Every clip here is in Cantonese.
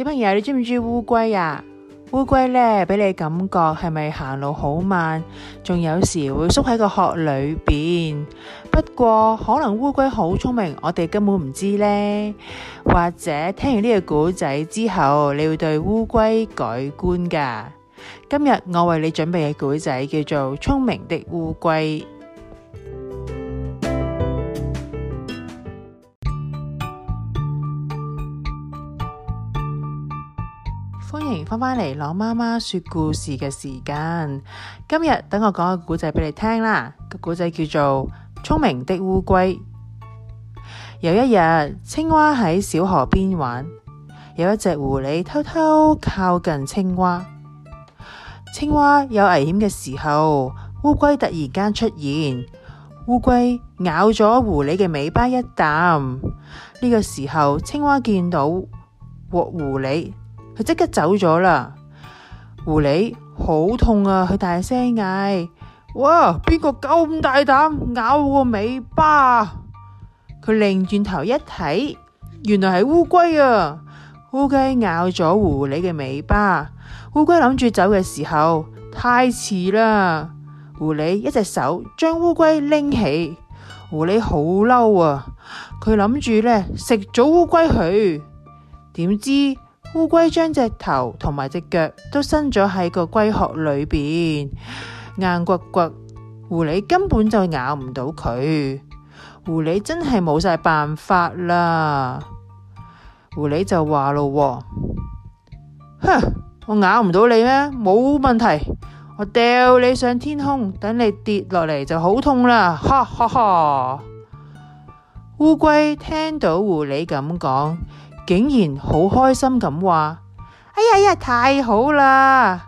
小朋友，你鍾唔鍾意烏龜啊？烏龜呢，俾你感覺係咪行路好慢？仲有時會縮喺個殼裏邊。不過可能烏龜好聰明，我哋根本唔知呢。或者聽完呢個古仔之後，你會對烏龜改觀噶。今日我為你準備嘅古仔叫做《聰明的烏龜》。歡迎返返嚟，朗媽媽說故事嘅時間。今日等我講個故仔俾你聽啦。個故仔叫做《聰明的烏龜》。有一日，青蛙喺小河邊玩，有一隻狐狸偷偷偷靠近青蛙。青蛙有危險嘅時候，烏龜突然間出現，烏龜咬咗狐狸嘅尾巴一啖。呢、這個時候，青蛙見到獲狐狸。佢即刻走咗啦。狐狸好痛啊！佢大聲嗌：哇，邊個咁大膽咬我尾巴？佢擰轉頭一睇，原來係烏龜啊！烏龜咬咗狐狸嘅尾巴。烏龜諗住走嘅時候太遲啦。狐狸一隻手將烏龜拎起，狐狸好嬲啊！佢諗住呢，食咗烏龜佢，點知？烏龜將隻頭同埋隻腳都伸咗喺個龜殼裏邊，硬掘掘，狐狸根本就咬唔到佢，狐狸真係冇晒辦法啦。狐狸就話咯：哼，我咬唔到你咩？冇問題，我掉你上天空，等你跌落嚟就好痛啦！哈哈哈。烏龜聽到狐狸咁講。竟然好開心咁話，哎呀哎呀，太好啦！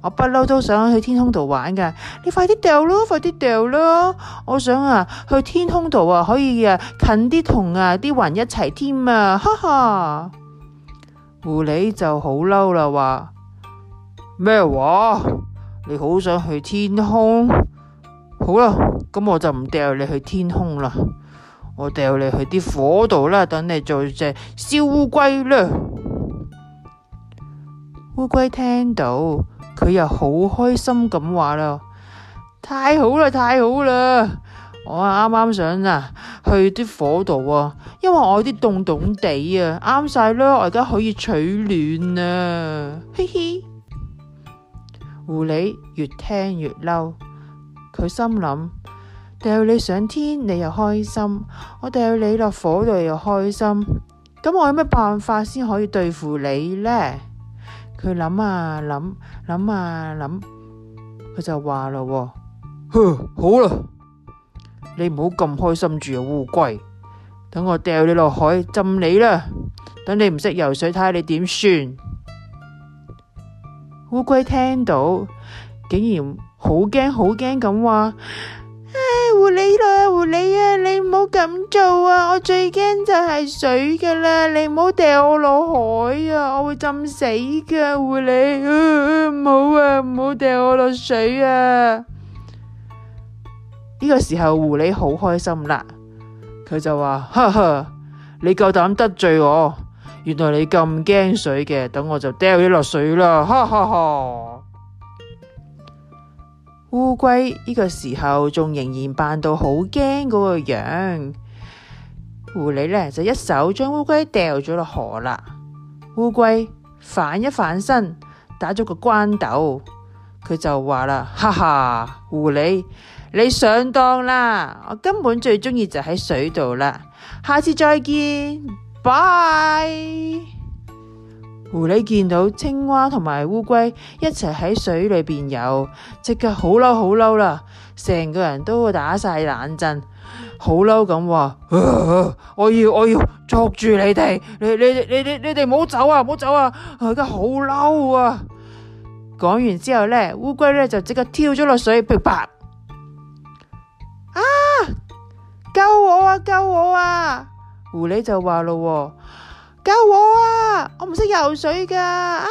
我不嬲都想去天空度玩噶，你快啲掉咯，快啲掉咯！我想啊，去天空度啊，可以啊，近啲同啊啲雲一齊添啊，哈哈！狐狸就好嬲啦，話咩話？你好想去天空？好啦，咁我就唔掉你去天空啦。我掉你去啲火度啦，等你做隻燒烏龜啦。烏龜聽到，佢又好開心咁話啦：太好啦，太好啦！我啊啱啱想啊去啲火度啊，因為我啲凍凍地啊，啱曬啦，我而家可以取暖啊，嘻嘻。狐狸越聽越嬲，佢心諗。掉你上天，你又開心；我掉你落火堆你又開心。咁我有咩辦法先可以對付你呢？佢諗啊諗諗啊諗，佢就話咯、哦，呵，好啦，你唔好咁開心住啊，烏龜，等我掉你落海浸你啦，等你唔識游水，睇下你點算。烏龜聽到竟然好驚好驚咁話。狐狸啦啊，狐狸啊，你唔好咁做啊！我最驚就係水噶啦，你唔好掉我落海啊，我會浸死噶！狐狸，唔、呃呃、好啊，唔好掉我落水啊！呢個時候狐狸好開心啦，佢就話：哈哈，你夠膽得罪我，原來你咁驚水嘅，等我就掉你落水啦，哈哈哈，哈！烏龜呢個時候仲仍然扮到好驚嗰個樣，狐狸呢，就一手將烏龜掉咗落河啦。烏龜反一反身，打咗個關斗，佢就話啦：哈哈，狐狸，你上當啦！我根本最中意就喺水度啦。下次再見，拜。狐狸見到青蛙同埋烏龜一齊喺水裏邊游，即刻好嬲好嬲啦，成個人都打晒冷震，好嬲咁話：我要我要捉住你哋！你你你你你哋唔好走啊唔好走啊！而家好嬲啊！講完之後呢，烏龜咧就即刻跳咗落水，撲撲！啊！救我啊救我啊！狐狸就話咯。救我啊！我唔識游水噶啊！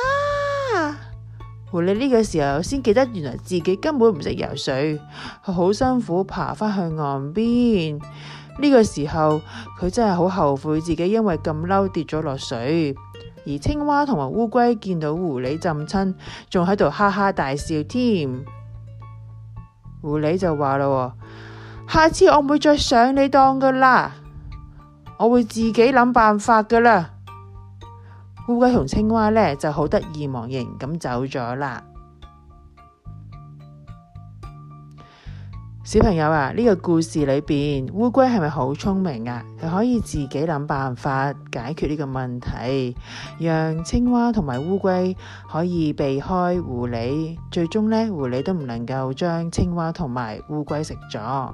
狐狸呢個時候先記得，原來自己根本唔識游水，佢好辛苦爬返去岸邊。呢個時候佢真係好後悔自己因為咁嬲跌咗落水，而青蛙同埋烏龜見到狐狸浸親，仲喺度哈哈大笑添。狐狸就話啦：下次我唔會再上你當噶啦，我會自己諗辦法噶啦。烏龜同青蛙呢，就好得意忘形咁走咗啦。小朋友啊，呢個故事裏邊烏龜係咪好聰明啊？佢可以自己諗辦法解決呢個問題，讓青蛙同埋烏龜可以避開狐狸。最終呢，狐狸都唔能夠將青蛙同埋烏龜食咗。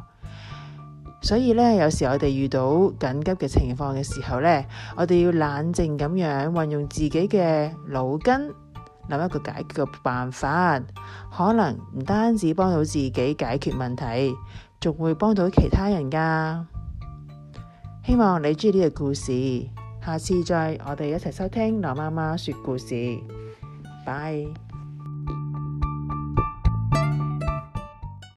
所以咧，有時我哋遇到緊急嘅情況嘅時候咧，我哋要冷靜咁樣運用自己嘅腦筋，諗一個解決嘅辦法，可能唔單止幫到自己解決問題，仲會幫到其他人㗎。希望你中意呢個故事，下次再我哋一齊收聽羅媽媽說故事。拜。